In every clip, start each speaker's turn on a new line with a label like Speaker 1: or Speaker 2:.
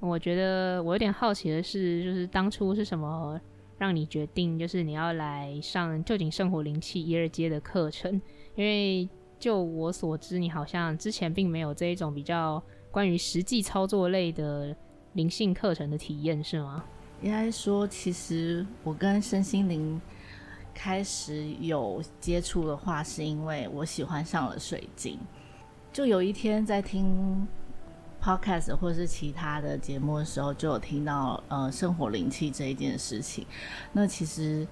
Speaker 1: 我覺得我有點好奇的是，就是當初是什麼讓你決定，就是你要來上臼井聖火靈氣一二階的課程？因為就我所知，你好像之前並沒有這一種比較關於實際操作類的靈性課程的體驗，是嗎？
Speaker 2: 應該說，其實我跟身心靈開始有接觸的話，是因為我喜歡上了水晶。就有一天在聽。Podcast 或是其他的節目的時候，就有聽到呃聖火靈氣這一件事情。那其實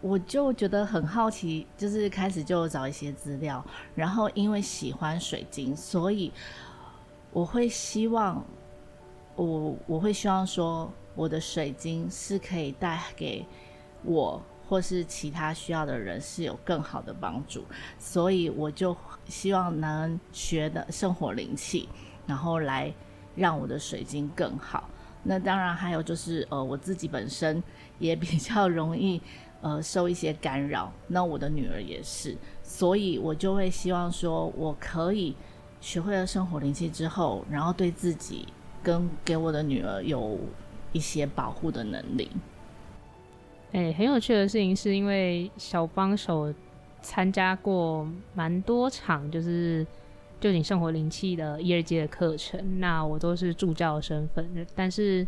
Speaker 2: 我就覺得很好奇，就是開始就找一些資料，然後因為喜歡水晶，所以我會希望我我會希望說我的水晶是可以帶給我或是其他需要的人是有更好的幫助，所以我就希望能學的聖火靈氣。然後來讓我的水晶更好。那當然還有就是，呃，我自己本身也比較容易，呃，受一些干擾。那我的女兒也是，所以我就會希望說，我可以學會了聖火靈氣之後，然後對自己跟給我的女兒有一些保護的能力。
Speaker 1: 誒、欸，很有趣的事情，是因為小幫手參加過蠻多場，就是。臼井生活靈氣的一二階的課程，那我都是助教的身份，但是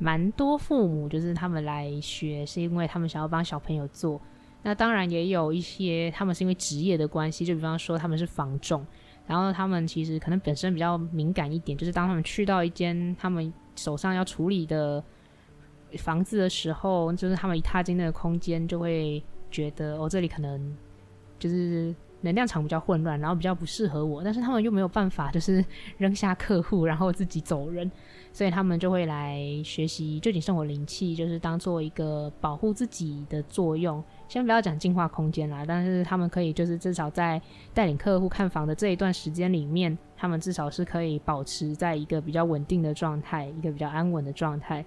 Speaker 1: 蠻多父母就是他們來學，是因為他們想要幫小朋友做。那當然也有一些，他們是因為職業的關係，就比方說他們是房仲，然後他們其實可能本身比較敏感一點，就是當他們去到一間他們手上要處理的房子的時候，就是他們一踏進那個空間，就會覺得哦，這裡可能就是。能量場比較混亂，然後比較不適合我，但是他們又沒有辦法，就是扔下客戶，然後自己走人，所以他們就會來學習臼井聖火靈氣，就是當做一個保護自己的作用。先不要講淨化空間啦，但是他們可以，就是至少在帶領客戶看房的這一段時間裡面，他們至少是可以保持在一個比較穩定的狀態，一個比較安穩的狀態。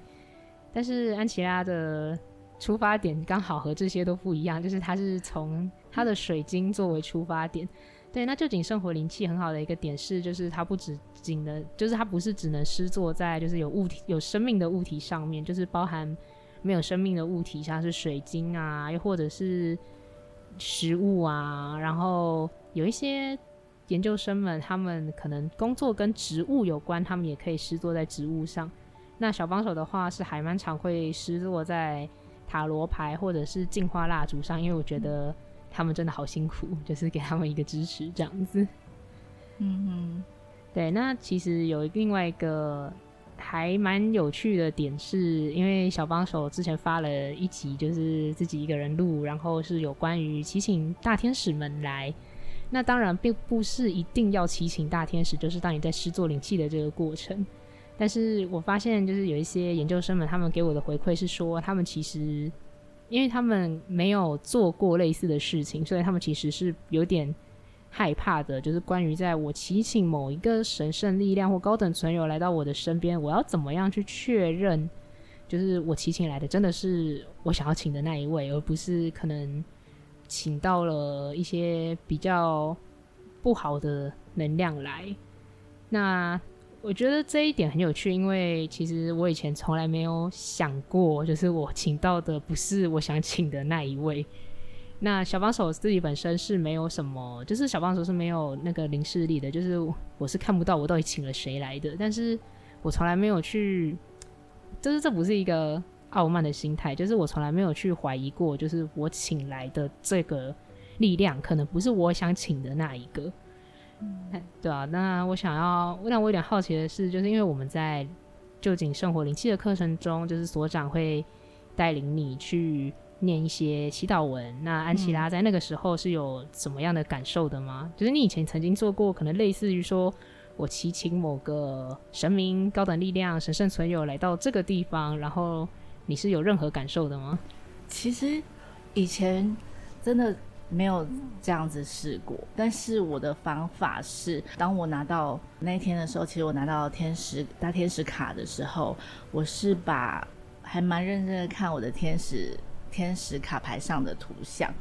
Speaker 1: 但是安琪拉的。出發點剛好和這些都不一樣，就是它是從它的水晶作為出發點。對，那臼井聖火靈氣很好的一個點是，就是它不只僅能，就是它不是只能施作在就是有物體有生命的物體上面，就是包含沒有生命的物體，像是水晶啊，又或者是食物啊。然後有一些研究生們，他們可能工作跟植物有關，他們也可以施作在植物上。那小幫手的話是還蠻常會施作在。塔羅牌或者是淨化蠟燭上，因為我覺得他們真的好辛苦，就是給他們一個支持這樣子。嗯哼，對。那其實有另外一個還蠻有趣的點是，因為小幫手之前發了一集，就是自己一個人錄，然後是有關於祈請大天使們來。那當然並不是一定要祈請大天使，就是當你在施作靈氣的這個過程。但是我發現，就是有一些研究生們，他們給我的回饋是說，他們其實，因為他們沒有做過類似的事情，所以他們其實是有點害怕的。就是關於在我祈請某一個神聖力量或高等存有來到我的身邊，我要怎麼樣去確認，就是我祈請來的真的是我想要請的那一位，而不是可能請到了一些比較不好的能量來。那。我覺得這一點很有趣，因為其實我以前從來沒有想過，就是我請到的不是我想請的那一位。那小幫手自己本身是沒有什麼，就是小幫手是沒有那個靈視力的，就是我是看不到我到底請了誰來的。但是我從來沒有去，就是這不是一個傲慢的心態，就是我從來沒有去懷疑過，就是我請來的這個力量可能不是我想請的那一個。嗯、 對啊，那我想要讓我有點好奇的是，就是因為我們在臼井聖火靈氣的課程中，就是所長會帶領你去念一些祈禱文。那安琪拉在那個時候是有什麼樣的感受的嗎、嗯？就是你以前曾經做過，可能類似於說我祈請某個神明、高等力量、神聖存有來到這個地方，然後你是有任何感受的嗎？其實以前真的。沒有這樣子試過，但是我的方
Speaker 2: 法是，當我拿到那天的時候，其實我拿到天使大天使卡的時候，我是把還蠻認真的看我的天使天使卡牌上的圖像。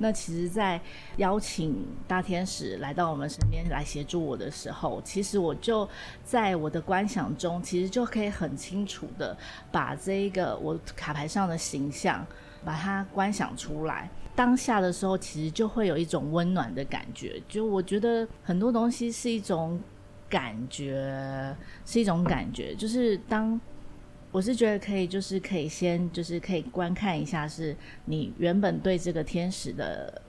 Speaker 2: 那其實，在邀請大天使來到我們身邊來協助我的時候，其實我就在我的觀想中，其實就可以很清楚的把這個我卡牌上的形象，把它觀想出來。當下的時候，其實就會有一種溫暖的感覺。就我覺得很多東西是一種感覺，是一種感覺。就是當我是覺得可以，就是可以先，就是可以觀看一下是你原本對這個天使的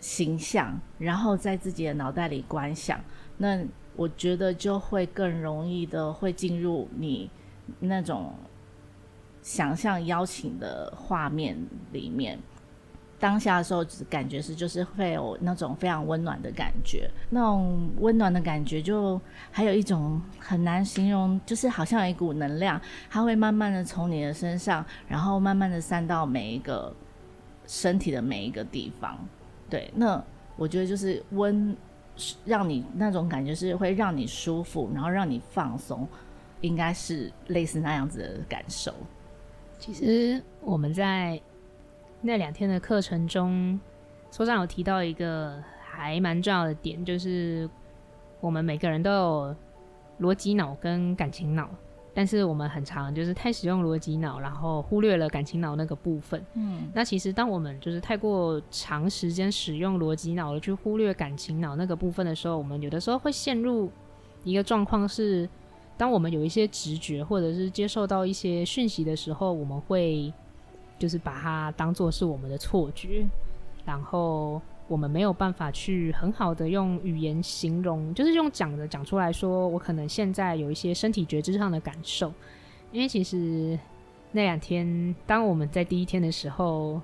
Speaker 2: 形象，然後在自己的腦袋裡觀想。那我覺得就會更容易的會進入你那種想象邀請的畫面裡面。當下的時候，感覺是就是會有那種非常溫暖的感覺，那種溫暖的感覺，就還有一種很難形容，就是好像有一股能量，它會慢慢的從你的身上，然後慢慢的散到每一個身體的每一個地方。對，那我覺得就是溫，讓你那種感覺是會讓你舒服，然後讓你放鬆，應該是類
Speaker 1: 似那樣子的感受。其實我們在。那兩天的課程中，所長有提到一個還蠻重要的點，就是我們每個人都有邏輯腦跟感情腦，但是我們很常就是太使用邏輯腦，然後忽略了感情腦那個部分。嗯，那其實當我們就是太過長時間使用邏輯腦了，去忽略感情腦那個部分的時候，我們有的時候會陷入一個狀況是，當我們有一些直覺或者是接受到一些訊息的時候，我們會。就是把它當作是我們的錯覺，然後我們沒有辦法去很好的用語言形容，就是用講的講出來說，我可能現在有一些身體覺知上的感受，因為其實那兩天，當我們在第一天的時候，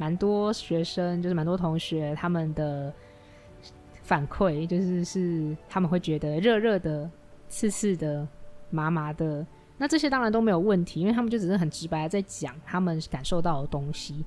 Speaker 1: 蠻多學生，就是蠻多同學他們的反饋，就是是他們會覺得熱熱的、刺刺的、麻麻的。那這些當然都沒有問題，因為他們就只是很直白在講他們感受到的東西。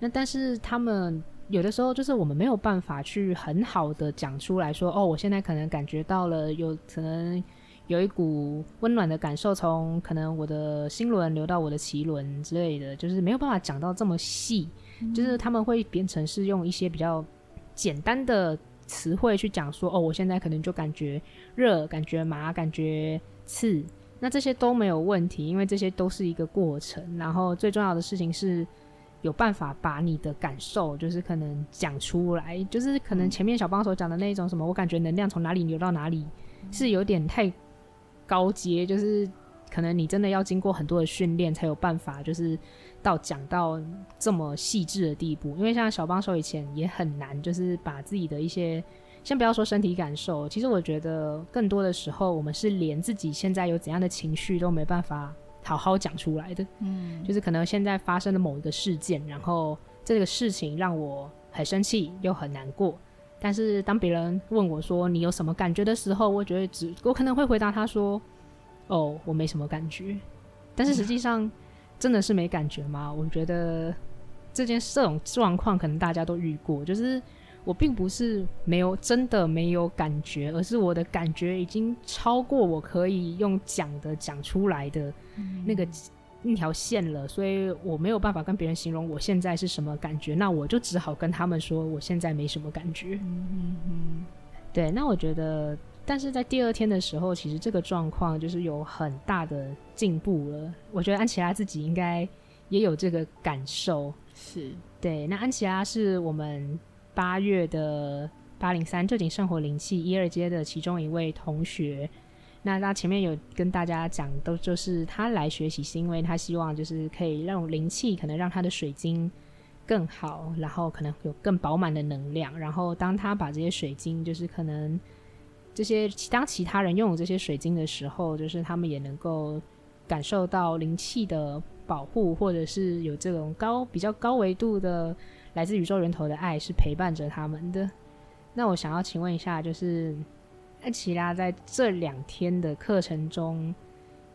Speaker 1: 那但是他們有的時候就是我們沒有辦法去很好的講出來說，哦，我現在可能感覺到了有，有可能有一股溫暖的感受從可能我的心輪流到我的臍輪之類的，就是沒有辦法講到這麼細。嗯，就是他們會變成是用一些比較簡單的詞彙去講說，哦，我現在可能就感覺熱，感覺麻，感覺刺。那這些都沒有問題，因為這些都是一個過程。然後最重要的事情是，有辦法把你的感受，就是可能講出來，就是可能前面小幫手講的那一種什麼，我感覺能量從哪裡流到哪裡，是有點太高階，就是可能你真的要經過很多的訓練才有辦法，就是到講到這麼細緻的地步。因為像小幫手以前也很難，就是把自己的一些。先不要說身體感受，其實我覺得更多的時候，我們是連自己現在有怎樣的情緒都沒辦法好好講出來的。嗯，就是可能現在發生的某一個事件，然後這個事情讓我很生氣又很難過。但是當別人問我說你有什麼感覺的時候，我覺得只我可能會回答他說：“哦，我沒什麼感覺。”但是實際上真的是沒感覺嗎？嗯，我覺得這件這種狀，狀況可能大家都遇過，就是。我並不是沒有真的沒有感覺，而是我的感覺已經超過我可以用講的講出來的那個一條線了，mm -hmm. 所以我沒有辦法跟別人形容我現在是什麼感覺。那我就只好跟他們說我現在沒什麼感覺。嗯嗯嗯，對。那我覺得，但是在第二天的時候，其實這個狀況就是有很大的進步了。我覺得安琪拉自己應該也有這個感受。是對。那安琪拉是我們。八月的8靈3，臼井聖火靈氣一二階的其中一位同學。那他前面有跟大家講，都就是他來學習，是因為他希望就是可以讓靈氣，可能讓他的水晶更好，然後可能有更飽滿的能量。然後當他把這些水晶，就是可能這些當其他人擁有這些水晶的時候，就是他們也能夠感受到靈氣的保護，或者是有這種高比較高維度的。來自宇宙源頭的愛是陪伴着他們的。那我想要請問一下，就是安琪拉在這兩天的課程中，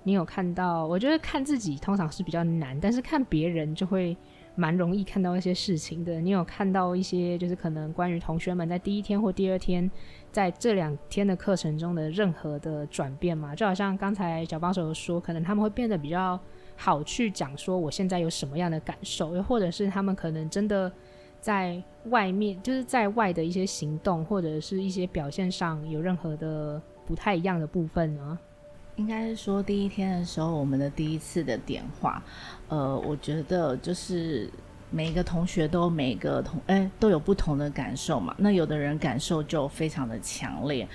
Speaker 1: 你有看到，我覺得看自己通常是比較難，但是看別人就會蠻容易看到一些事情的。你有看到一些就是可能關於同學們在第一天或第二天在這兩天的課程中的任何的轉變嗎？就好像剛才小幫手說，可能他們會變得比較好去講說我現在有什麼樣的感受，又或者是他們可能真的在外面，就是在外的一些行動或者是一些表現上有任何的不太一樣的部分呢？
Speaker 2: 應該是說第一天的時候，我們的第一次的點化，呃，我覺得就是每個同學都每個同誒、欸、都有不同的感受嘛。那有的人感受就非常的強烈。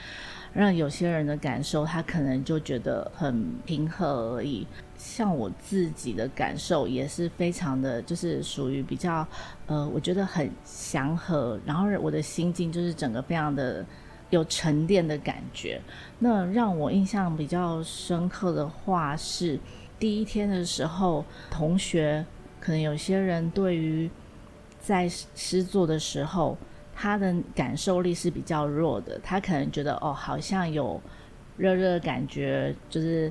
Speaker 2: 讓有些人的感受，他可能就覺得很平和而已。像我自己的感受，也是非常的，就是屬於比較呃，我覺得很祥和，然後我的心境就是整個非常的有沉澱的感覺。那讓我印象比較深刻的話是，第一天的時候，同學可能有些人對於在實作的時候，他的感受力是比較弱的，他可能覺得哦，好像有熱熱的感覺，就是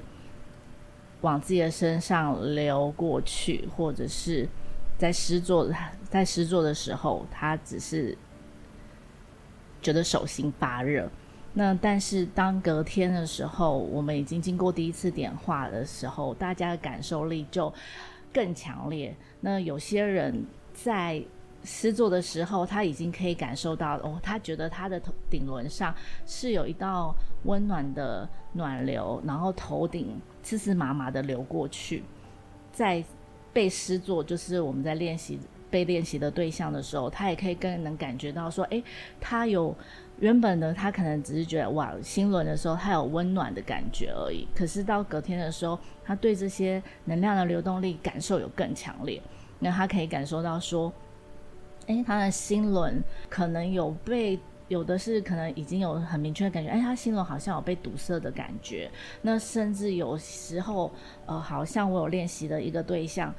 Speaker 2: 往自己的身上流過去，或者是在施作的，在施作的時候，他只是覺得手心發熱。那但是當隔天的時候，我們已經經過第一次點化的時候，大家的感受力就更強烈。那有些人在。施作的時候，他已經可以感受到哦，他覺得他的頭頂輪上是有一道溫暖的暖流，然後頭頂刺刺麻麻的流過去。在被施作，就是我們在練習被練習的對象的時候，他也可以更能感覺到說，哎、欸，他有原本的他可能只是覺得哇，心輪的時候，他有溫暖的感覺而已。可是到隔天的時候，他對這些能量的流動力感受有更強烈，那他可以感受到說。誒，他的心輪可能有被有的是可能已經有很明確的感覺，誒，他心輪好像有被堵塞的感覺。那甚至有時候，呃，好像我有練習的一個對象，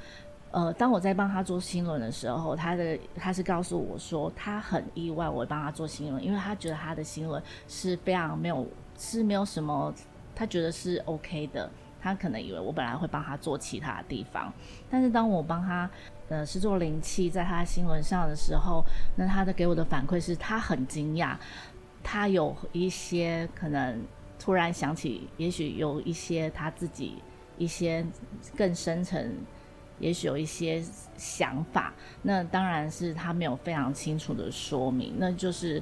Speaker 2: 呃，當我在幫他做心輪的時候，他的他是告訴我說他很意外我會幫他做心輪，因為他覺得他的心輪是非常沒有是沒有什麼，他覺得是 OK 的，他可能以為我本來會幫他做其他的地方，但是當我幫他。呃，是做靈氣在他新聞上的時候，那他的給我的反饋是他很驚訝，他有一些可能突然想起，也許有一些他自己一些更深層，也許有一些想法。那當然是他沒有非常清楚的說明，那就是，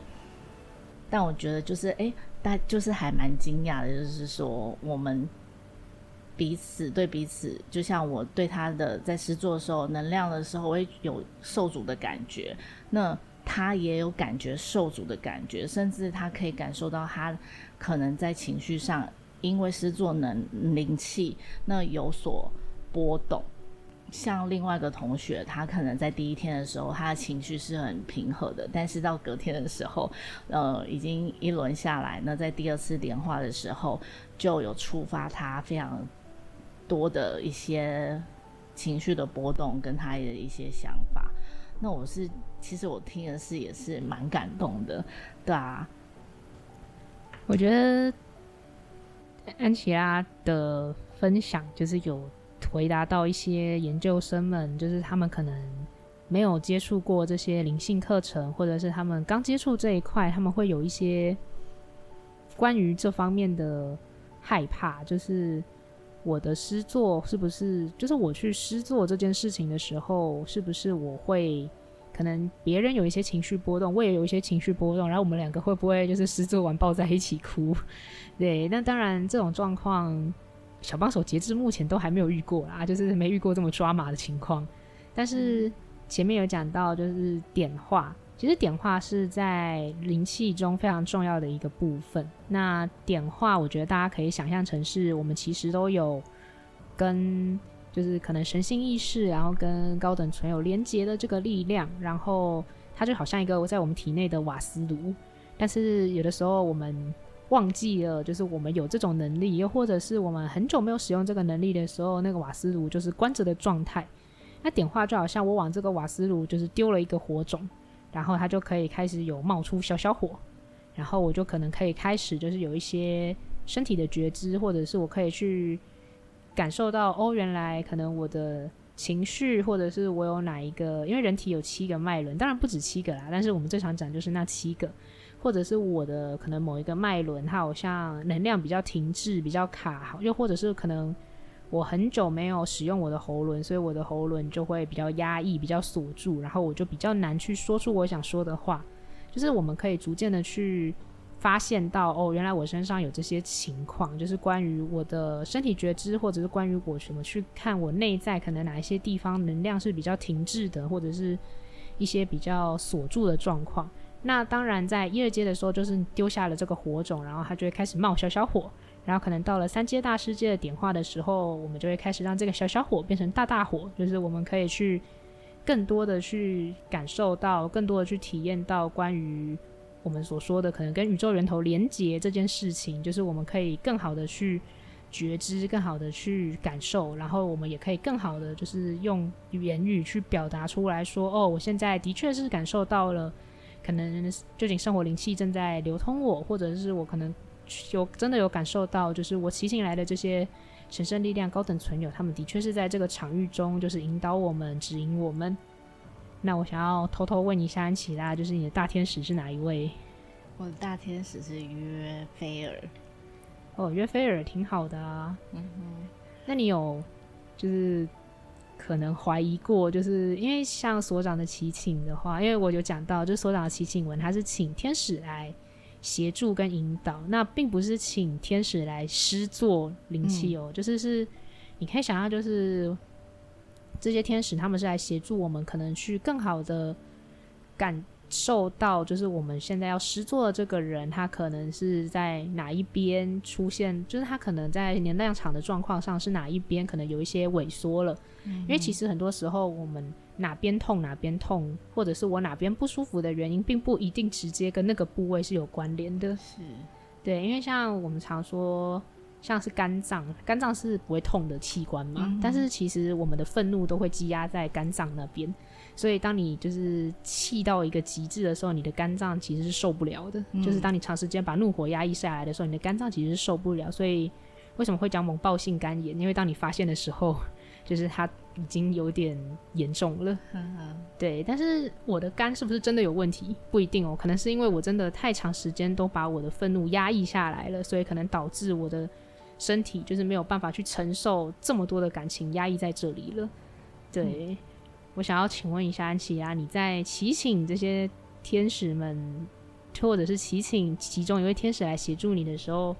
Speaker 2: 但我覺得就是哎，但、欸、就是還蠻驚訝的，就是說我們。彼此對彼此，就像我對他的在施作的時候，能量的時候，我也有受阻的感覺。那他也有感覺受阻的感覺，甚至他可以感受到他可能在情緒上，因為施作能靈氣那有所波動。像另外一個同學，他可能在第一天的時候，他的情緒是很平和的，但是到隔天的時候，呃，已經一輪下來，那在第二次點化的時候，就有觸發他非常。多的一些情緒的波動跟他的一些想法，那我是其實我聽的是也是蠻感動的。對啊，
Speaker 1: 我覺得安琪拉的分享就是有回答到一些研究生們，就是他們可能沒有接觸過這些靈性課程，或者是他們剛接觸這一塊，他們會有一些關於這方面的害怕，就是。我的施作，是不是就是我去施作這件事情的時候，是不是我會可能別人有一些情緒波動，我也有一些情緒波動，然後我們兩個會不會就是施作完抱在一起哭？對，那當然這種狀況，小幫手截至目前都還沒有遇過啦，就是沒遇過這麼抓馬的情況。但是前面有講到就是點化。其實點化是在靈氣中非常重要的一個部分。那點化，我覺得大家可以想象成是我們其實都有跟就是可能神性意識，然後跟高等存有連接的這個力量。然後它就好像一個在我們體內的瓦斯爐，但是有的時候我們忘記了，就是我們有這種能力，又或者是我們很久沒有使用這個能力的時候，那個瓦斯爐就是關着的狀態。那點化就好像我往這個瓦斯爐就是丟了一個火種。然後它就可以開始有冒出小小火，然後我就可能可以開始就是有一些身體的覺知，或者是我可以去感受到哦，原來可能我的情緒，或者是我有哪一個，因為人體有七個脈輪，當然不止七個啦，但是我們最常講就是那七個，或者是我的可能某一個脈輪，它好像能量比較停滯，比較卡，又或者是可能。我很久沒有使用我的喉輪，所以我的喉輪就會比較壓抑、比較鎖住，然後我就比較難去說出我想說的話。就是我們可以逐漸的去發現到，哦，原來我身上有這些情況，就是關於我的身體覺知，或者是關於我什麼去看我內在可能哪一些地方能量是比較停滯的，或者是一些比較鎖住的狀況。那當然，在一二階的時候，就是丟下了這個火種，然後它就會開始冒小小火。然後可能到了三階大師階的點化的時候，我們就會開始讓這個小小火變成大大火，就是我們可以去更多的去感受到，更多的去體驗到關於我們所說的可能跟宇宙源頭連接這件事情，就是我們可以更好的去覺知，更好的去感受，然後我們也可以更好的就是用言語去表達出來說，哦，我現在的確是感受到了，可能臼井聖火靈氣正在流通我，或者是我可能。有真的有感受到，就是我祈請來的這些神聖力量、高等存有，他們的確是在這個場域中，就是引導我們、指引我們。那我想要偷偷問一下安琪拉，就是你的大天使是哪一位？我的大天使是約菲爾。哦，約菲爾挺好的啊。嗯哼。那你有就是可能懷疑過，就是因為像所長的祈請的話，因為我有講到，就所長的祈請文，他是請天使來。協助跟引導，那並不是請天使來施作靈氣哦，就是是，你可以想象，就是這些天使他們是來協助我們，可能去更好的感。受到就是我們現在要施作的這個人，他可能是在哪一邊出現，就是他可能在能量場的狀況上是哪一邊，可能有一些萎縮了。嗯嗯。因為其實很多時候我們哪邊痛哪邊痛，或者是我哪邊不舒服的原因，並不一定直接跟那個部位是有關聯的。
Speaker 2: 是，
Speaker 1: 對，因為像我們常說，像是肝臟，肝臟是不會痛的器官嘛，嗯嗯，但是其實我們的憤怒都會積壓在肝臟那邊。所以，當你就是氣到一個極致的時候，你的肝臟其實是受不了的。嗯、就是當你長時間把怒火壓抑下來的時候，你的肝臟其實是受不了。所以，為什麼會講猛爆性肝炎？因為當你發現的時候，就是它已經有點嚴重
Speaker 2: 了、
Speaker 1: 嗯。對，但是我的肝是不是真的有問題？不一定哦、喔，可能是因為我真的太長時間都把我的憤怒壓抑下來了，所以可能導致我的身體就是沒有辦法去承受這麼多的感情壓抑在這裡了。對。嗯我想要請問一下安琪拉，你在祈請這些天使們，或者是祈請其中一位天使來協助你的時候，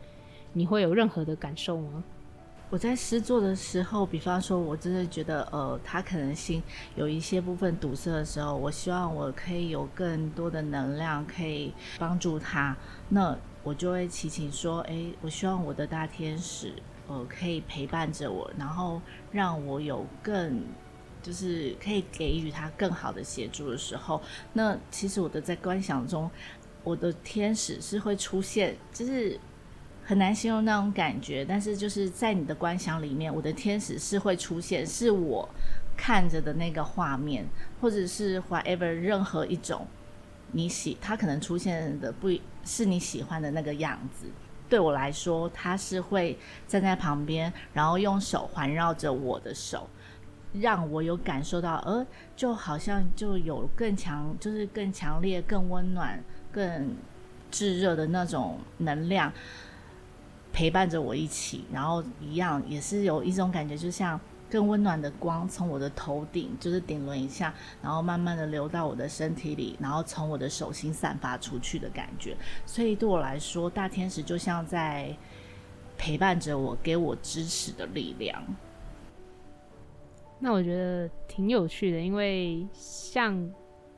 Speaker 1: 你會有任何的感受嗎？我在施作的時候，比方
Speaker 2: 說我真的覺得，呃，他可能心有一些部分堵塞的時候，我希望我可以有更多的能量可以幫助他，那我就會祈請說，誒、欸，我希望我的大天使，呃，可以陪伴着我，然後讓我有更，就是可以給予他更好的協助的時候，那其實我的在觀想中，我的天使是會出現，就是很難形容那種感覺。但是就是在你的觀想裡面，我的天使是會出現，是我看着的那個畫面，或者是 whatever 任何一種你喜，他可能出現的不是你喜歡的那個樣子。對我來說，他是會站在旁邊，然後用手環繞着我的手。讓我有感受到，呃，就好像就有更強，就是更強烈、更溫暖、更炙熱的那種能量陪伴着我一起，然後一樣也是有一種感覺，就像更溫暖的光從我的頭頂就是頂輪一下，然後慢慢的流到我的身體裡，然後從我的手心散發出去的感覺。所以對我來說，大天使就像在陪伴着我，給我支持的力量。
Speaker 1: 那我覺得挺有趣的，因為像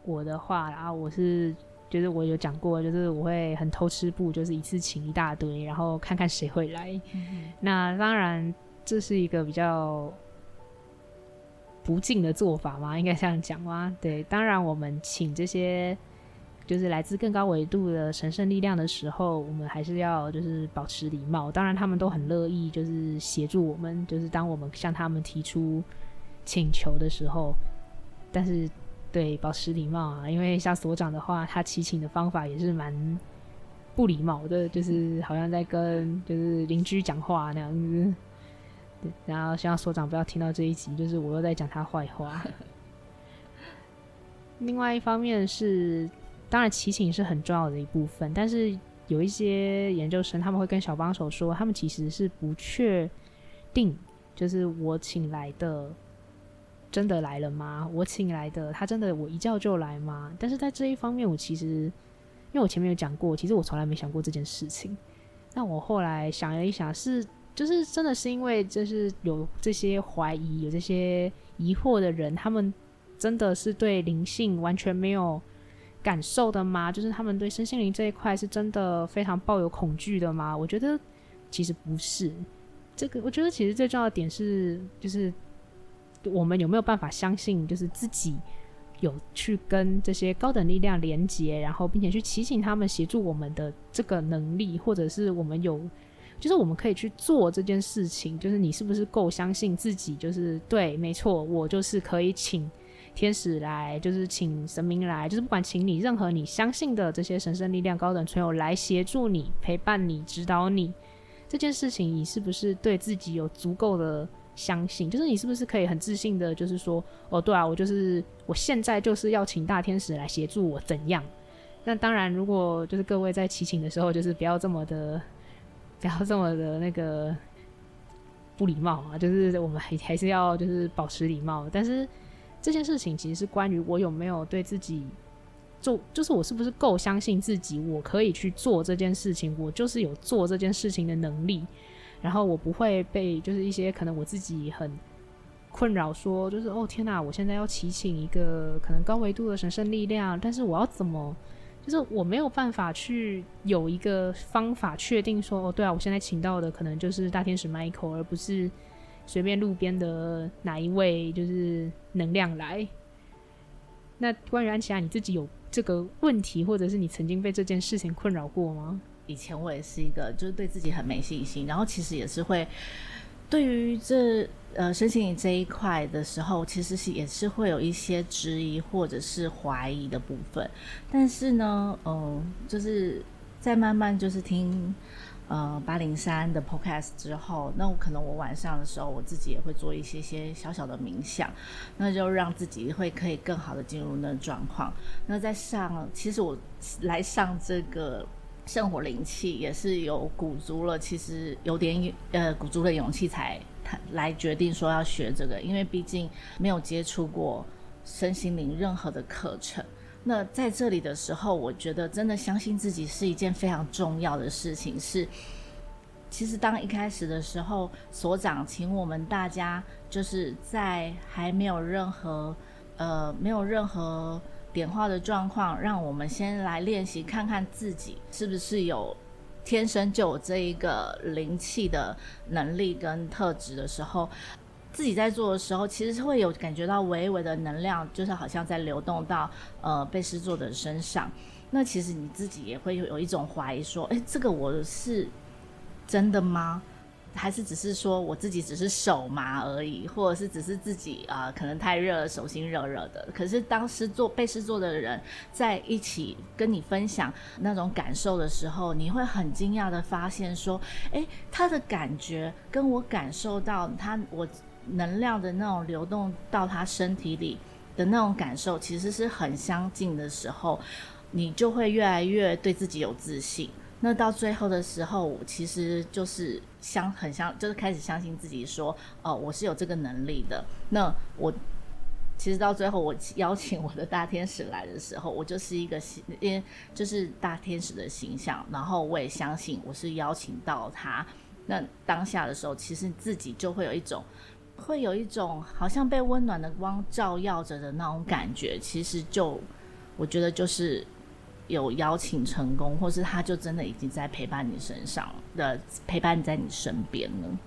Speaker 1: 我的話，然後我是覺得、就是、我有講過，就是我會很偷吃步，就是一次請一大堆，然後看看誰會來。嗯、那當然這是一個比較不敬的做法嘛，應該這樣講嗎？對，當然我們請這些就是來自更高維度的神聖力量的時候，我們還是要就是保持禮貌，當然他們都很樂意，就是協助我們，就是當我們向他們提出請求的時候，但是對保持禮貌啊，因為像所長的話，他祈請的方法也是蠻不禮貌的，就是好像在跟就是鄰居講話那樣子。對，然後希望所長不要聽到這一集，就是我又在講他壞話。 另外一方面是，當然祈請是很重要的一部分，但是有一些研究生他們會跟小幫手說，他們其實是不確定，就是我請來的。真的來了嗎？我請來的他真的我一叫就來嗎？但是在這一方面，我其實，因為我前面有講過，其實我從來沒想過這件事情。但我後來想了一想，是就是真的是因為就是有這些懷疑、有這些疑惑的人，他們真的是對靈性完全沒有感受的嗎？就是他們對身心靈這一塊是真的非常抱有恐懼的嗎？我覺得其實不是。這個我覺得其實最重要的點是就是。我們有沒有辦法相信，就是自己有去跟這些高等力量連接，然後並且去祈請他們協助我們的這個能力，或者是我們有，就是我們可以去做這件事情。就是你是不是夠相信自己？就是對，沒錯，我就是可以請天使來，就是請神明來，就是不管請你任何你相信的這些神聖力量、高等存有來協助你、陪伴你、指導你這件事情，你是不是對自己有足夠的相信，就是你是不是可以很自信的，就是說，哦，對啊，我就是我現在就是要請大天使來協助我怎樣？那當然，如果就是各位在祈請的時候，就是不要這麼的，不要這麼的那個不禮貌啊，就是我們還還是要就是保持禮貌。但是這件事情其實是關於我有沒有對自己做，就是我是不是夠相信自己，我可以去做這件事情，我就是有做這件事情的能力。然後我不會被，就是一些可能我自己很困擾，說就是哦天哪，我現在要祈請一個可能高維度的神聖力量，但是我要怎麼，就是我沒有辦法去有一個方法確定說哦對啊，我現在請到的可能就是大天使邁克，而不是隨便路邊的哪一位就是能量來。那關於安琪拉，啊，你自己有這個問題，或者是你曾經被這件事情困擾過嗎？以前我也是一個，
Speaker 2: 就是對自己很沒信心，然後其實也是會對於這呃身心靈這一塊的時候，其實是也是會有一些質疑或者是懷疑的部分。但是呢，嗯、呃，就是在慢慢就是聽呃八靈三的 podcast 之後，那我可能我晚上的時候我自己也會做一些些小小的冥想，那就讓自己會可以更好的進入那個狀況。那在上，其實我來上這個。聖火靈氣也是有鼓足了，其實有點呃鼓足了勇氣才來決定說要學這個，因為畢竟沒有接觸過身心靈任何的課程。那在這裡的時候，我覺得真的相信自己是一件非常重要的事情。是，其實當一開始的時候，所長請我們大家就是在還沒有任何呃沒有任何。點化的狀況，讓我們先來練習看看自己是不是有天生就有這一個靈氣的能力跟特質的時候，自己在做的時候，其實會有感覺到微微的能量，就是好像在流動到呃被施作的身上。那其實你自己也會有有一種懷疑說，哎、欸，這個我是真的嗎？還是只是說我自己只是手麻而已，或者是只是自己啊、呃，可能太熱了，手心熱熱的。可是當師座被視座的人在一起跟你分享那種感受的時候，你會很驚訝的發現說，哎，他的感覺跟我感受到他、我能量的那種流動到他身體裡的那種感受，其實是很相近的時候，你就會越來越對自己有自信。那到最後的時候，我其實就是相很相，就是開始相信自己說，說哦，我是有這個能力的。那我其實到最後，我邀請我的大天使來的時候，我就是一個形，就是大天使的形象。然後我也相信我是邀請到他。那當下的時候，其實自己就會有一種，會有一種好像被溫暖的光照耀着的那種感覺。其實就我覺得就是。有邀請成功，或是他就真的已經在陪伴你身上的陪伴你在你身邊了。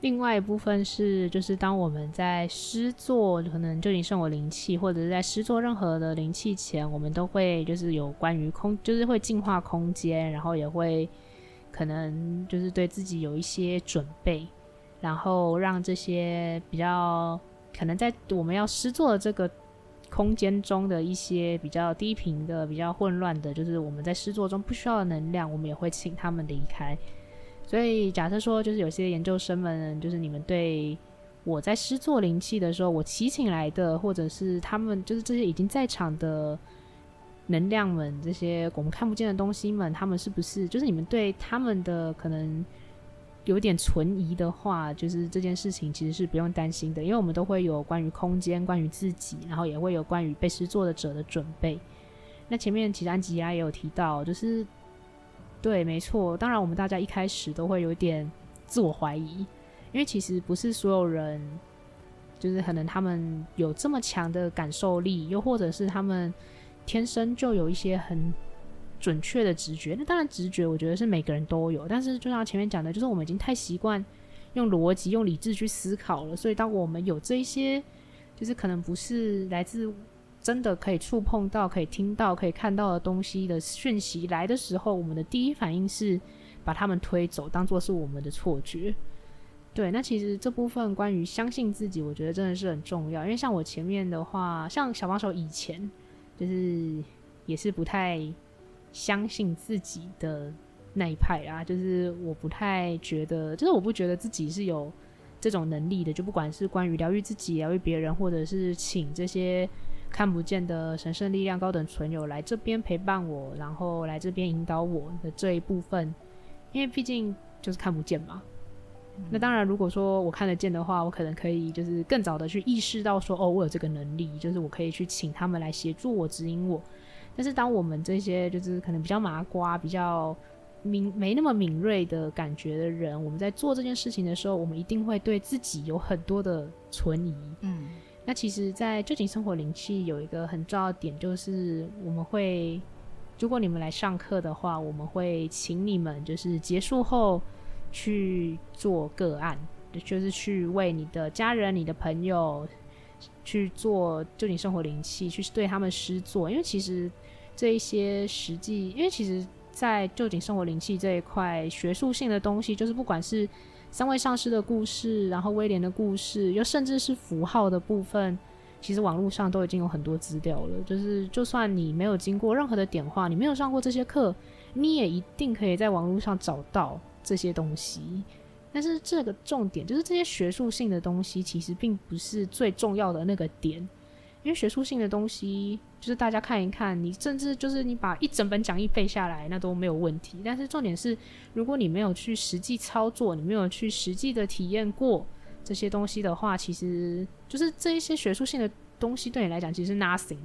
Speaker 1: 另外一部分是，就是當我們在施作，可能就已經剩我靈氣，或者是在施作任何的靈氣前，我們都會就是有關於空，就是會淨化空間，然後也會可能就是對自己有一些準備，然後讓這些比較可能在我們要施作的這個。空間中的一些比較低頻的、比較混亂的，就是我們在施作中不需要的能量，我們也會請他們離開。所以，假設說，就是有些研究生們，就是你們對我在施作靈氣的時候，我祈請來的，或者是他們，就是這些已經在場的能量們，這些我們看不見的東西們，他們是不是，就是你們對他們的可能？有點存疑的話，就是這件事情其實是不用擔心的，因為我們都會有關於空間、關於自己，然後也會有關於被施作者的準備。那前面其實安琪拉也有提到，就是對，沒錯，當然我們大家一開始都會有點自我懷疑，因為其實不是所有人，就是可能他們有這麼強的感受力，又或者是他們天生就有一些很準確的直覺，那當然直覺，我覺得是每個人都有。但是就像前面講的，就是我們已經太習慣用邏輯、用理智去思考了，所以當我們有這一些，就是可能不是來自真的可以觸碰到、可以聽到、可以看到的東西的訊息來的時候，我們的第一反應是把他們推走，當做是我們的錯覺。對，那其實這部分關於相信自己，我覺得真的是很重要。因為像我前面的話，像小幫手以前就是也是不太。相信自己的那一派啊，就是我不太覺得，就是我不覺得自己是有這種能力的。就不管是關於療癒自己、療癒別人，或者是請這些看不見的神聖力量、高等存有來這邊陪伴我，然後來這邊引導我的這一部分，因為畢竟就是看不見嘛。那當然，如果說我看得見的話，我可能可以就是更早的去意識到說，哦，我有這個能力，就是我可以去請他們來協助我、指引我。但是，當我們這些就是可能比較麻瓜、比較敏沒那麼敏銳的感覺的人，我們在做這件事情的時候，我們一定會對自己有很多的存疑。嗯，那其實，在臼井聖火靈氣有一個很重要的點，就是我們會，如果你們來上課的話，我們會請你們就是結束後去做個案，就是去為你的家人、你的朋友。去做臼井聖火靈氣，去對他們施作，因為其實這一些實際，因為其實在臼井聖火靈氣這一塊學術性的東西，就是不管是三位上師的故事，然後威廉的故事，又甚至是符號的部分，其實網絡上都已經有很多資料了。就是就算你沒有經過任何的點化，你沒有上過這些課，你也一定可以在網絡上找到這些東西。但是這個重點就是這些學術性的東西其實並不是最重要的那個點，因為學術性的東西就是大家看一看，你甚至就是你把一整本講義背下來那都沒有問題。但是重點是，如果你沒有去實際操作，你沒有去實際的體驗過這些東西的話，其實就是這一些學術性的東西對你來講其實是 nothing，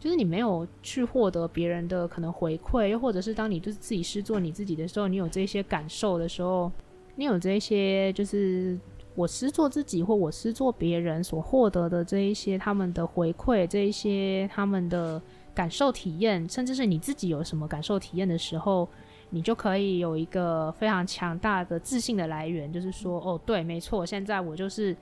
Speaker 1: 就是你沒有去獲得別人的可能回饋，又或者是當你就是自己試做你自己的時候，你有這些感受的時候。你有這些，就是我施作自己或我施作別人所獲得的這一些他們的回饋，這一些他們的感受體驗，甚至是你自己有什麼感受體驗的時候，你就可以有一個非常強大的自信的來源，就是說，哦，對，沒錯，現在我就是。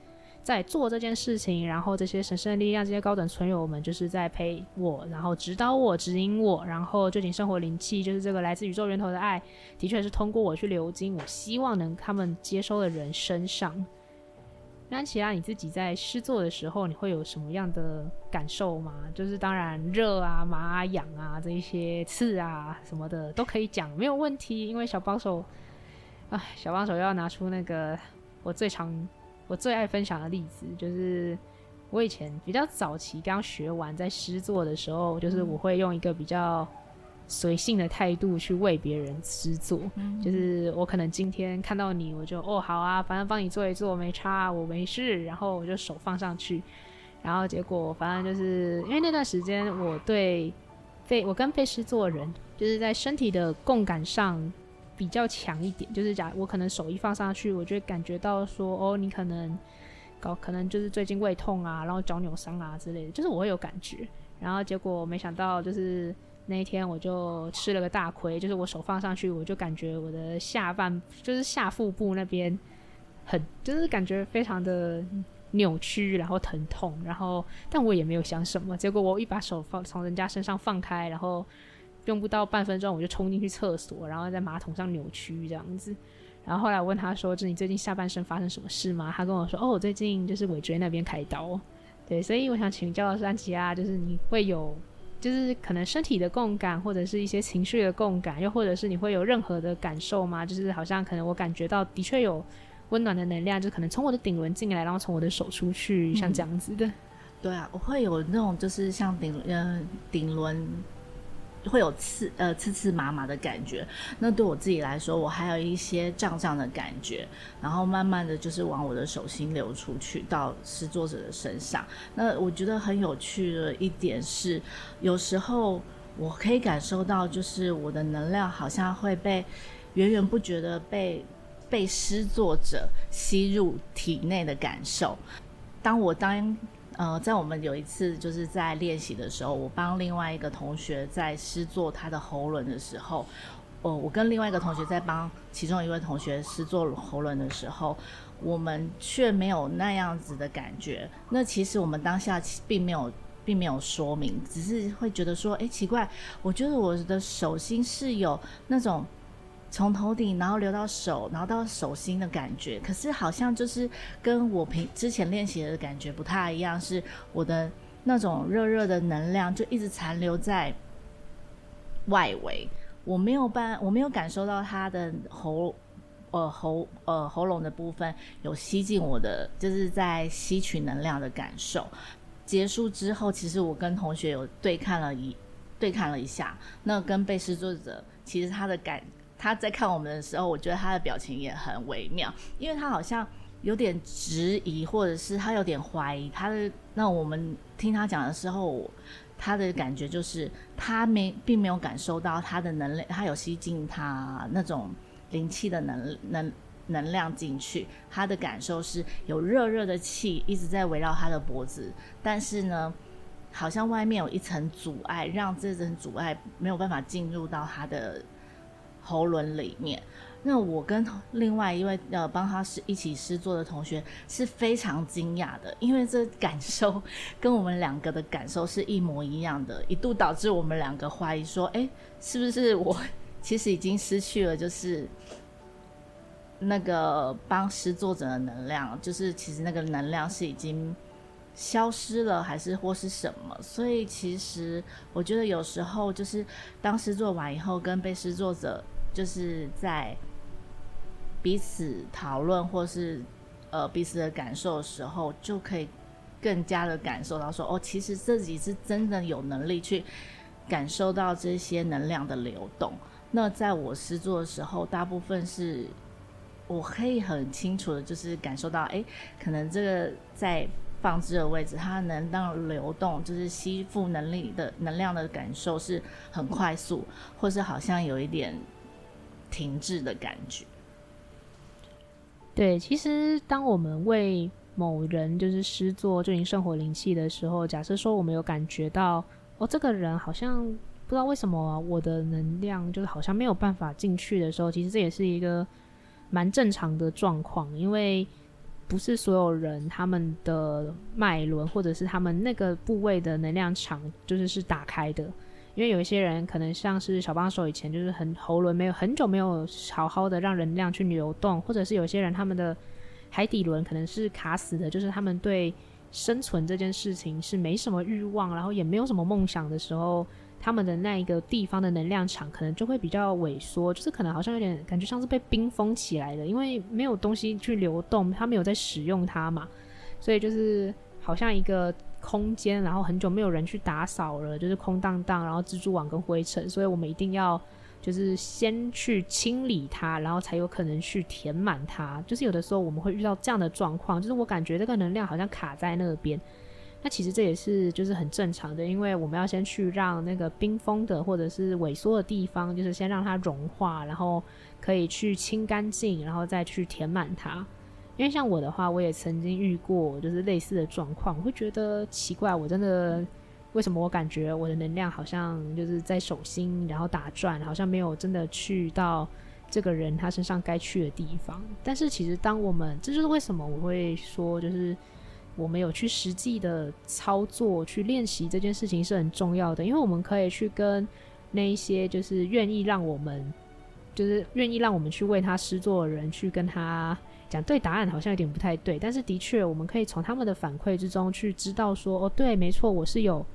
Speaker 1: 在做這件事情，然後這些神聖力量、這些高等存有們，就是在陪我，然後指導我、指引我，然後臼井聖火靈氣，就是這個來自宇宙源頭的愛，的確是通過我去流經，我希望能他們接收的人身上。安琪拉，你自己在施作的時候，你會有什麼樣的感受嗎？就是當然熱啊、麻啊、癢啊這些刺啊什麼的都可以講，沒有問題，因為小幫手，小幫手要拿出那個我最常。我最愛分享的例子就是，我以前比較早期剛學完在施作的時候，就是我會用一個比較隨性的態度去為別人施作，就是我可能今天看到你，我就哦，好啊，反正幫你做一做沒差，我沒事，然後我就手放上去，然後結果反正就是因為那段時間我對被我跟被施作人就是在身體的共感上。比較強一點，就是假我可能手一放上去，我就會感覺到說，哦，你可能搞可能就是最近胃痛啊，然後腳扭傷啊之類的，就是我會有感覺。然後結果沒想到，就是那一天我就吃了個大虧，就是我手放上去，我就感覺我的下半就是下腹部那邊很，就是感覺非常的扭曲，然後疼痛。然後但我也沒有想什麼，結果我一把手放從人家身上放開，然後。用不到半分鐘，我就衝進去廁所，然後在馬桶上扭曲這樣子。然後後來我問他說：“就是你最近下半身發生什麼事嗎？”他跟我說：“哦，我最近就是尾椎那邊開刀。”對，所以我想請教安琪拉，就是你會有，就是可能身體的共感，或者是一些情緒的共感，又或者是你會有任何的感受嗎？就是好像可能我感覺到的確有溫暖的能量，就是可能從我的頂輪進來，然後從我的手出去，像這樣子的。嗯、對啊，我會有那種就是
Speaker 2: 像頂呃頂輪。會有刺呃刺刺麻麻的感覺，那對我自己來說，我還有一些脹脹的感覺，然後慢慢的就是往我的手心流出去，到施作者的身上。那我覺得很有趣的一點是，有時候我可以感受到，就是我的能量好像會被源源不絕的被被施作者吸入體內的感受。當我當。呃，在我們有一次就是在練習的時候，我幫另外一個同學在施作他的喉輪的時候，哦，我跟另外一個同學在幫其中一位同學施作喉輪的時候，我們卻沒有那樣子的感覺。那其實我們當下並沒有，並沒有說明，只是會覺得說，哎，奇怪，我覺得我的手心是有那種。從頭頂，然後流到手，然後到手心的感覺，可是好像就是跟我平之前練習的感覺不太一樣，是我的那種熱熱的能量就一直殘留在外圍，我沒有辦，我沒有感受到他的喉，呃喉，呃喉嚨的部分有吸進我的，就是在吸取能量的感受。結束之後，其實我跟同學有對看了，一對看了一下，那跟被施作者其實他的感。他在看我們的時候，我覺得他的表情也很微妙，因為他好像有點質疑，或者是他有點懷疑。他的，那我們聽他講的時候，他的感覺就是他沒，並沒有感受到他的能量，他有吸進他那種靈氣的能能能量進去，他的感受是有熱熱的氣一直在圍繞他的脖子，但是呢，好像外面有一層阻礙，讓這層阻礙沒有辦法進入到他的。喉輪裡面，那我跟另外一位呃幫他是一起施作的同學是非常驚訝的，因為這感受跟我們兩個的感受是一模一樣的，一度導致我們兩個懷疑說，哎，是不是我其實已經失去了，就是那個幫施作者的能量，就是其實那個能量是已經消失了，還是或是什麼？所以其實我覺得有時候就是當施作完以後，跟被施作者。就是在彼此討論，或是呃彼此的感受的時候，就可以更加的感受到說哦，其實自己是真的有能力去感受到這些能量的流動。那在我試做的時候，大部分是我可以很清楚的，就是感受到，哎、欸，可能這個在放置的位置，它能讓流動，就是吸附能力的能量的感受是很快速，或是好像有一點。停滯的感覺。
Speaker 1: 對，其實當我們為某人就是施作這種聖火靈氣的時候，假設說我們有感覺到，哦，這個人好像不知道為什麼我的能量就是好像沒有辦法進去的時候，其實這也是一個蠻正常的狀況，因為不是所有人他們的脈輪或者是他們那個部位的能量場就是是打開的。因為有一些人可能像是小幫手，以前就是很喉輪沒有很久沒有好好的讓能量去流動，或者是有些人他們的海底輪可能是卡死的，就是他們對生存這件事情是沒什麼慾望，然後也沒有什麼夢想的時候，他們的那一個地方的能量場可能就會比較萎縮，就是可能好像有點感覺像是被冰封起來的，因為沒有東西去流動，他們有在使用它嘛，所以就是好像一個。空間，然後很久沒有人去打掃了，就是空蕩蕩，然後蜘蛛網跟灰塵，所以我們一定要就是先去清理它，然後才有可能去填滿它。就是有的時候我們會遇到這樣的狀況，就是我感覺這個能量好像卡在那邊，那其實這也是就是很正常的，因為我們要先去讓那個冰封的或者是萎縮的地方，就是先讓它融化，然後可以去清乾淨，然後再去填滿它。因為像我的話，我也曾經遇過就是類似的狀況，我會覺得奇怪。我真的為什麼我感覺我的能量好像就是在手心，然後打轉，好像沒有真的去到這個人他身上該去的地方。但是其實當我們，這就是為什麼我會說，就是我們有去實際的操作去練習這件事情是很重要的，因為我們可以去跟那一些就是願意讓我們，就是願意讓我們去為他施作的人去跟他。講對答案好像有點不太對，但是的確我們可以從他們的反饋之中去知道說，哦對，沒錯，我是有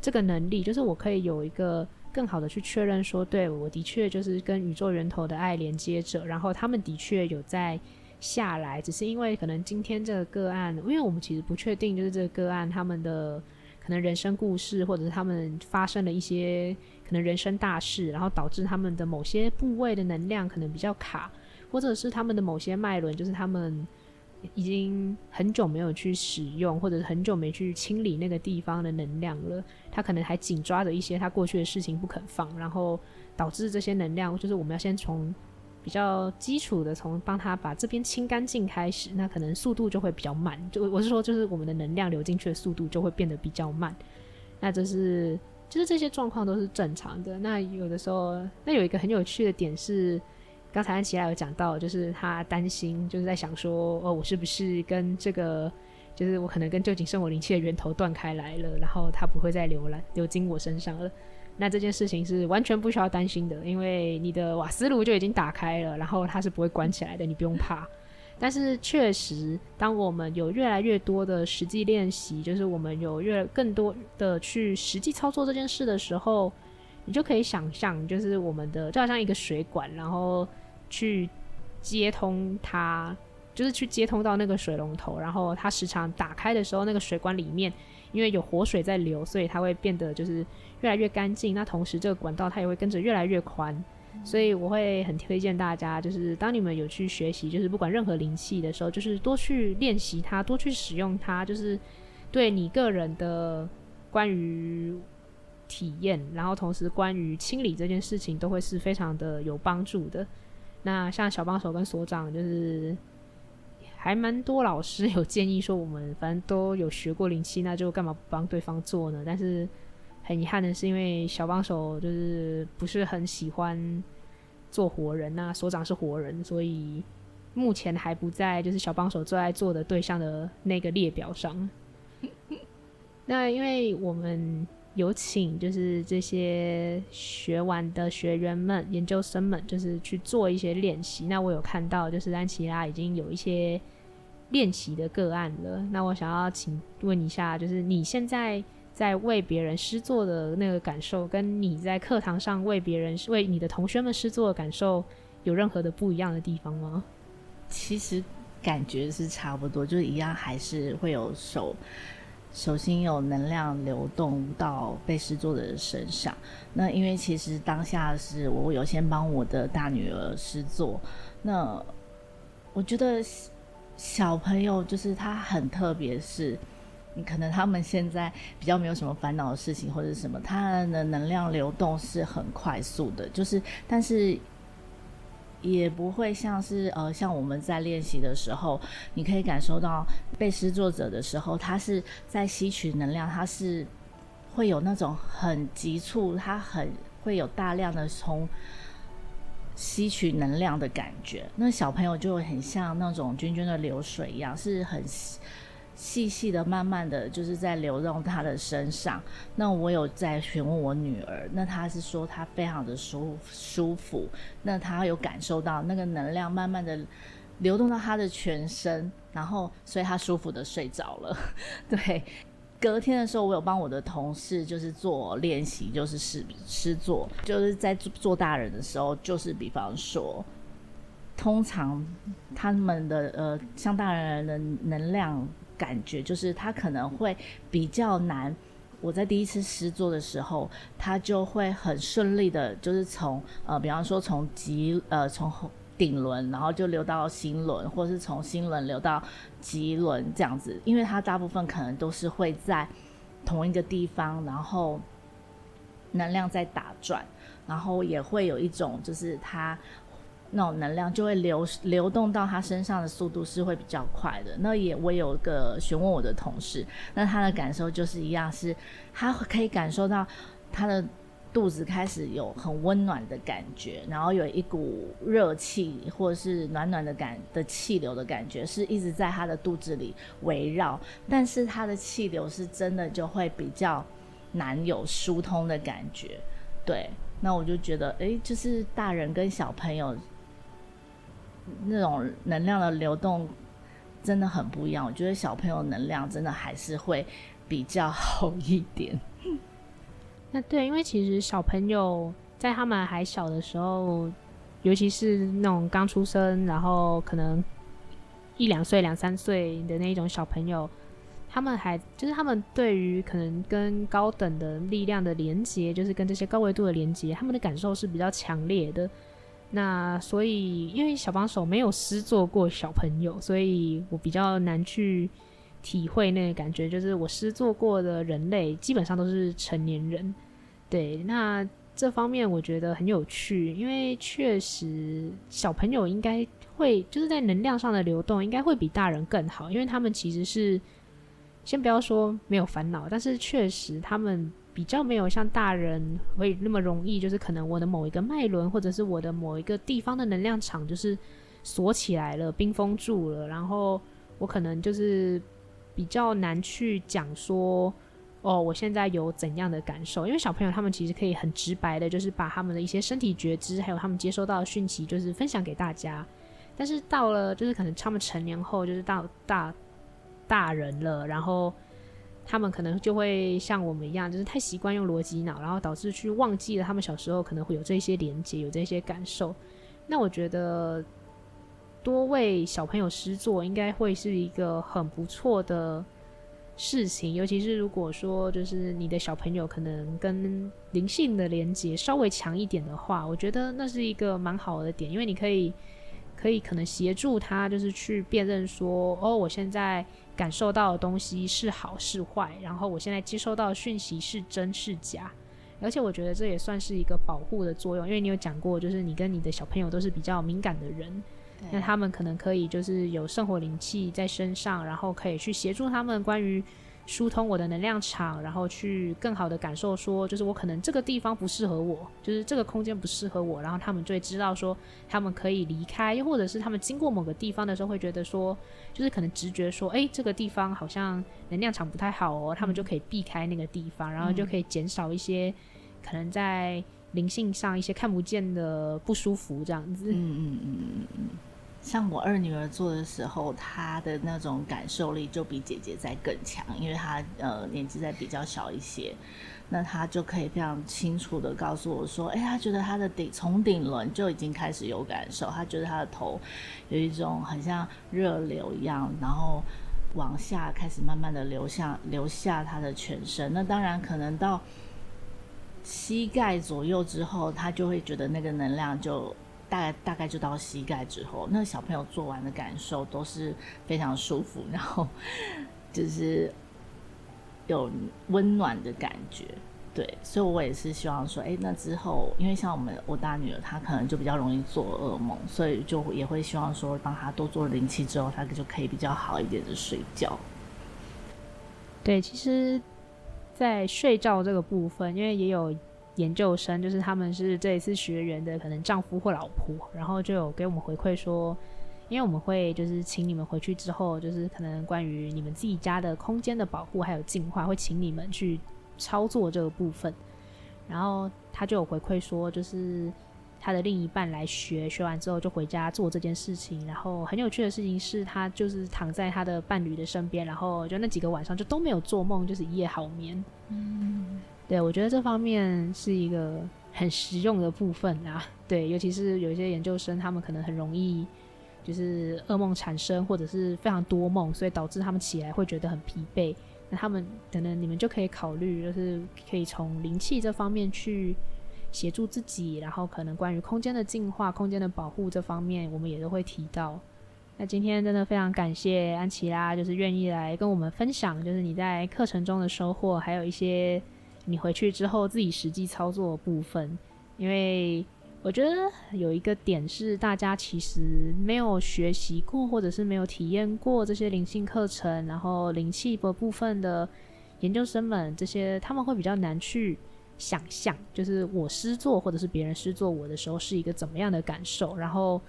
Speaker 1: 這個能力，就是我可以有一個更好的去確認說，對，我的確就是跟宇宙源頭的愛連接着，然後他們的確有在下來，只是因為可能今天這個個案，因為我們其實不確定，就是這個個案他們的可能人生故事，或者是他們發生了一些可能人生大事，然後導致他們的某些部位的能量可能比較卡，或者是他們的某些脈輪，就是他們已經很久沒有去使用，或者是很久沒去清理那個地方的能量了。他可能還緊抓着一些他過去的事情不肯放，然後導致這些能量，就是我們要先從比較基礎的，從幫他把這邊清乾淨開始，那可能速度就會比較慢。就我是說，就是我們的能量流進去的速度就會變得比較慢。那這是就是就是這些狀況都是正常的。那有的時候，那有一個很有趣的點是。剛才安琪拉有講到，就是他擔心，就是在想說，哦，我是不是跟這個，就是我可能跟臼井聖火靈氣的源頭斷開來了，然後它不會再流來流進我身上了。那這件事情是完全不需要擔心的，因為你的瓦斯爐就已經打開了，然後它是不會關起來的，你不用怕。 但是確實，當我們有越來越多的實際練習，就是我們有越更多的去實際操作這件事的時候，你就可以想象，就是我們的就好像一個水管，然後。去接通它，就是去接通到那個水龍頭。然後它時常打開的時候，那個水管裡面，因為有活水在流，所以它會變得就是越來越乾淨。那同時，這個管道它也會跟着越來越寬。所以我會很推薦大家，就是當你們有去學習，就是不管任何靈氣的時候，就是多去練習它，多去使用它，就是對你個人的關於體驗，然後同時關於清理這件事情，都會是非常的有幫助的。那像小幫手跟所長，就是還蠻多老師有建議說，我們反正都有學過靈氣，那就幹嘛不幫對方做呢？但是很遺憾的是，因為小幫手就是不是很喜歡做活人，啊，那所長是活人，所以目前還不在就是小幫手最愛做的對象的那個列表上。 那因為我們。有請，就是這些學完的學員們、研究生們，就是去做一些練習。那我有看到，就是安琪拉已經有一些練習的個案了。那我想要請問一下，就是你現在在為別人施作的那個感受，跟你在課堂上為別人、為你的同學們施作的感受，有任何的不一樣的地方嗎？
Speaker 2: 其實感覺是差不多，就是一樣，還是會有手。首先有能量流動到被施作的人身上，那因為其實當下是我有先幫我的大女兒施作，那我覺得小朋友就是他很特別，是，你可能他們現在比較沒有什麼煩惱的事情或者什麼，他的能量流動是很快速的，就是但是。也不會像是呃，像我們在練習的時候，你可以感受到背詩作者的時候，他是在吸取能量，他是會有那種很急促，他很會有大量的從吸取能量的感覺。那小朋友就很像那種涓涓的流水一樣，是很。細細的、慢慢的就是在流動他的身上。那我有在詢問我女兒，那她是說她非常的舒服舒服，那她有感受到那個能量慢慢的流動到她的全身，然後所以她舒服的睡着了。對，隔天的時候我有幫我的同事就是做練習，就是試試做，就是在做做大人的時候，就是比方說，通常他們的呃像大人的能量。感覺就是他可能會比較難。我在第一次試做的時候，他就會很順利的，就是從呃，比方說從極呃從頂輪，然後就流到心輪，或是從心輪流到極輪這樣子。因為它大部分可能都是會在同一個地方，然後能量在打轉，然後也會有一種就是它。那種能量就會流流動到他身上的速度是會比較快的。那也我也有個詢問我的同事，那他的感受就是一樣是，是他可以感受到他的肚子開始有很溫暖的感覺，然後有一股熱氣或者是暖暖的感的氣流的感覺，是一直在他的肚子裡圍繞，但是他的氣流是真的就會比較難有疏通的感覺。對，那我就覺得，哎、欸，就是大人跟小朋友。那種能量的流動真的很不一樣。我覺得小朋友能量真的還是會比較好一點。
Speaker 1: 那對，因為其實小朋友在他們還小的時候，尤其是那種剛出生，然後可能一兩歲、兩三歲的那一種小朋友，他們還就是他們對於可能跟高等的力量的連接，就是跟這些高維度的連接，他們的感受是比較強烈的。那所以，因為小幫手沒有施作過小朋友，所以我比較難去體會那個感覺。就是我施作過的人類，基本上都是成年人。對，那這方面我覺得很有趣，因為確實小朋友應該會，就是在能量上的流動應該會比大人更好，因為他們其實是，先不要說沒有煩惱，但是確實他們。比較沒有像大人會那麼容易，就是可能我的某一個脈輪，或者是我的某一個地方的能量場，就是鎖起來了，冰封住了，然後我可能就是比較難去講說，哦，我現在有怎樣的感受，因為小朋友他們其實可以很直白的，就是把他們的一些身體覺知，還有他們接收到的訊息，就是分享給大家，但是到了就是可能他們成年後，就是到大大，大人了，然後。他們可能就會像我們一樣，就是太習慣用邏輯腦，然後導致去忘記了他們小時候可能會有這些連接、有這些感受。那我覺得多為小朋友施作，應該會是一個很不錯的事情。尤其是如果說就是你的小朋友可能跟靈性的連接稍微強一點的話，我覺得那是一個蠻好的點，因為你可以可以可能協助他，就是去辨認說，哦，我現在。感受到的東西是好是壞，然後我現在接收到的訊息是真是假。而且我覺得這也算是一個保護的作用，因為你有講過，就是你跟你的小朋友都是比較敏感的人，那他們可能可以就是有聖火靈氣在身上，然後可以去協助他們關於。疏通我的能量場，然後去更好的感受說，說就是我可能這個地方不適合我，就是這個空間不適合我，然後他們就會知道說他們可以離開，又或者是他們經過某個地方的時候，會覺得說就是可能直覺說，哎，這個地方好像能量場不太好哦，他們就可以避開那個地方，然後就可以減少一些、嗯、可能在靈性上一些看不見的不舒服這樣子。嗯嗯嗯嗯嗯。嗯像我二女兒做的時候，她的那種感
Speaker 2: 受力就比姐姐再更強，因為她呃年紀再比較小一些，那她就可以非常清楚地告訴我說，哎、欸，她覺得她的頂從頂輪就已經開始有感受，她覺得她的頭有一種很像熱流一樣，然後往下開始慢慢地流向流下她的全身。那當然可能到膝蓋左右之後，她就會覺得那個能量就。大概大概就到膝蓋之後，那小朋友做完的感受都是非常舒服，然後就是有溫暖的感覺。對，所以我也是希望說，哎、欸，那之後，因為像我們我大女兒，她可能就比較容易做噩夢，所以就也會希望說，幫她多做靈氣之後，她就可以比較好一點的睡覺。
Speaker 1: 對，其實，在睡覺這個部分，因為也有。研究生就是他們是這一次學員的可能丈夫或老婆，然後就有給我們回饋說，因為我們會就是請你們回去之後，就是可能關於你們自己家的空間的保護還有淨化，會請你們去操作這個部分。然後他就有回饋說，就是他的另一半來學，學完之後就回家做這件事情。然後很有趣的事情是，他就是躺在他的伴侶的身邊，然後就那幾個晚上就都沒有做夢，就是一夜好眠。嗯。對，我覺得這方面是一個很實用的部分啊。對，尤其是有一些研究生，他們可能很容易就是噩夢產生，或者是非常多夢，所以導致他們起來會覺得很疲憊。那他們可能你們就可以考慮，就是可以從靈氣這方面去協助自己，然後可能關於空間的淨化、空間的保護這方面，我們也都會提到。那今天真的非常感謝安琪拉，就是願意來跟我們分享，就是你在課程中的收穫，還有一些。你回去之後自己實際操作的部分，因為我覺得有一個點是大家其實沒有學習過或者是沒有體驗過這些靈性課程，然後靈氣的部分的研究生們這些他們會比較難去想象，就是我施作或者是別人施作我的時候是一個怎麼樣的感受。然後，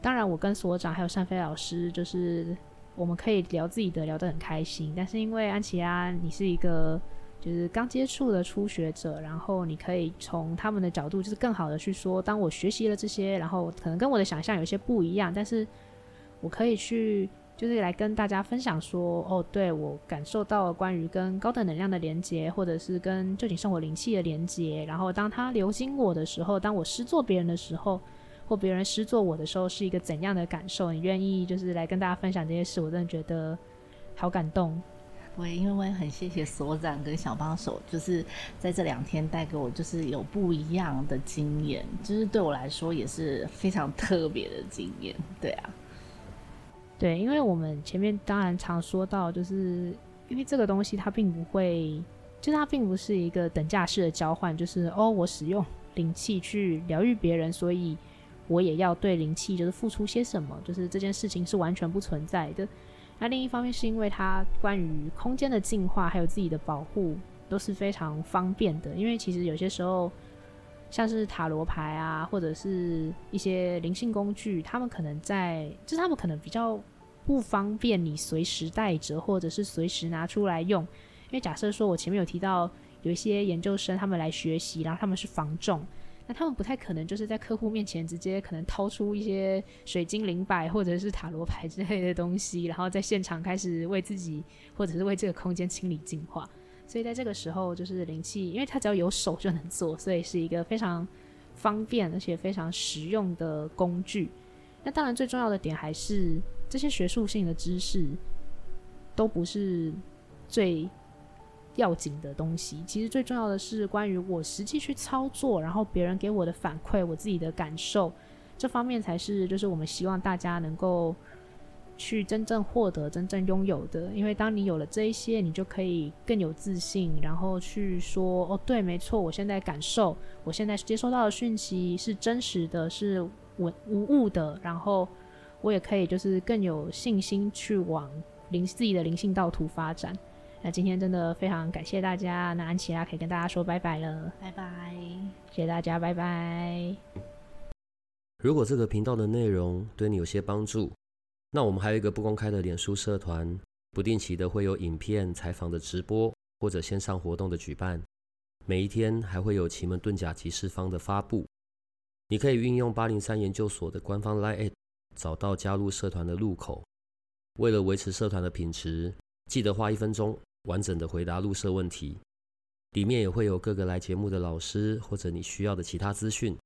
Speaker 1: 當然我跟所長還有善飛老師，就是我們可以聊自己的，聊得很開心，但是因為安琪拉你是一個。就是剛接觸的初學者，然後你可以從他們的角度，就是更好的去說，當我學習了這些，然後可能跟我的想象有些不一樣，但是我可以去，就是來跟大家分享說，哦，對，我感受到了關於跟高等能量的連接，或者是跟臼井生活靈氣的連接，然後當他流經我的時候，當我施作別人的時候，或別人施作我的時候，是一個怎樣的感受？你願意就是來跟大家分享這些事，我真的覺得好感動。我也因為我也很謝謝所長跟小幫手，就是在
Speaker 2: 這兩天帶給我，就是有不一樣的經驗，就是對我來說也是非常
Speaker 1: 特別的經驗。對啊，對，因為我們前面當然常說到，就是因為這個東西它並不會，就是它並不是一個等價式的交換，就是哦，我使用靈氣去療癒別人，所以我也要對靈氣就是付出些什麼，就是這件事情是完全不存在的。那另一方面是因為它關於空間的淨化，還有自己的保護都是非常方便的。因為其實有些時候，像是塔羅牌啊，或者是一些靈性工具，他們可能在，就是他們可能比較不方便你隨時帶着，或者是隨時拿出來用。因為假設說我前面有提到有一些研究生他們來學習，然後他們是防重。那他們不太可能就是在客戶面前直接可能掏出一些水晶靈擺或者是塔羅牌之類的東西，然後在現場開始為自己或者是為這個空間清理淨化。所以在這個時候，就是靈氣，因為它只要有手就能做，所以是一個非常方便而且非常實用的工具。那當然最重要的點還是這些學術性的知識都不是最要緊的東西，其實最重要的是關於我實際去操作，然後別人給我的反饋，我自己的感受，這方面才是，就是我們希望大家能夠去真正獲得、真正擁有的。因為當你有了這一些，你就可以更有自信，然後去說哦，對，沒錯，我現在感受，我現在接收到的訊息是真實的，是無誤的。然後我也可以就是更有信心去往靈自己的靈性道途發展。那今天真的非常感謝大家。那安琪拉可以跟大家說拜拜了，拜拜，謝謝大家，拜拜。
Speaker 3: 如果這個頻道的內容對你有些幫助，那我們還有一個不公開的臉書社團，不定期的會有影片採訪的直播或者線上活動的舉辦。每一天還會有奇門遁甲集市方的發布，你可以運用八靈三研究所的官方 LINE@，找到加入社團的入口。為了維持社團的品質，記得花一分鐘。完整的回答入社問題，裡面也會有各個來節目的老師或者你需要的其他資訊。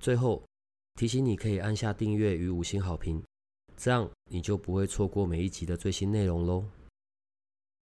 Speaker 3: 最後提醒你，可以按下訂閱與五星好評，這樣你就不會錯過每一集的最新內容嘍。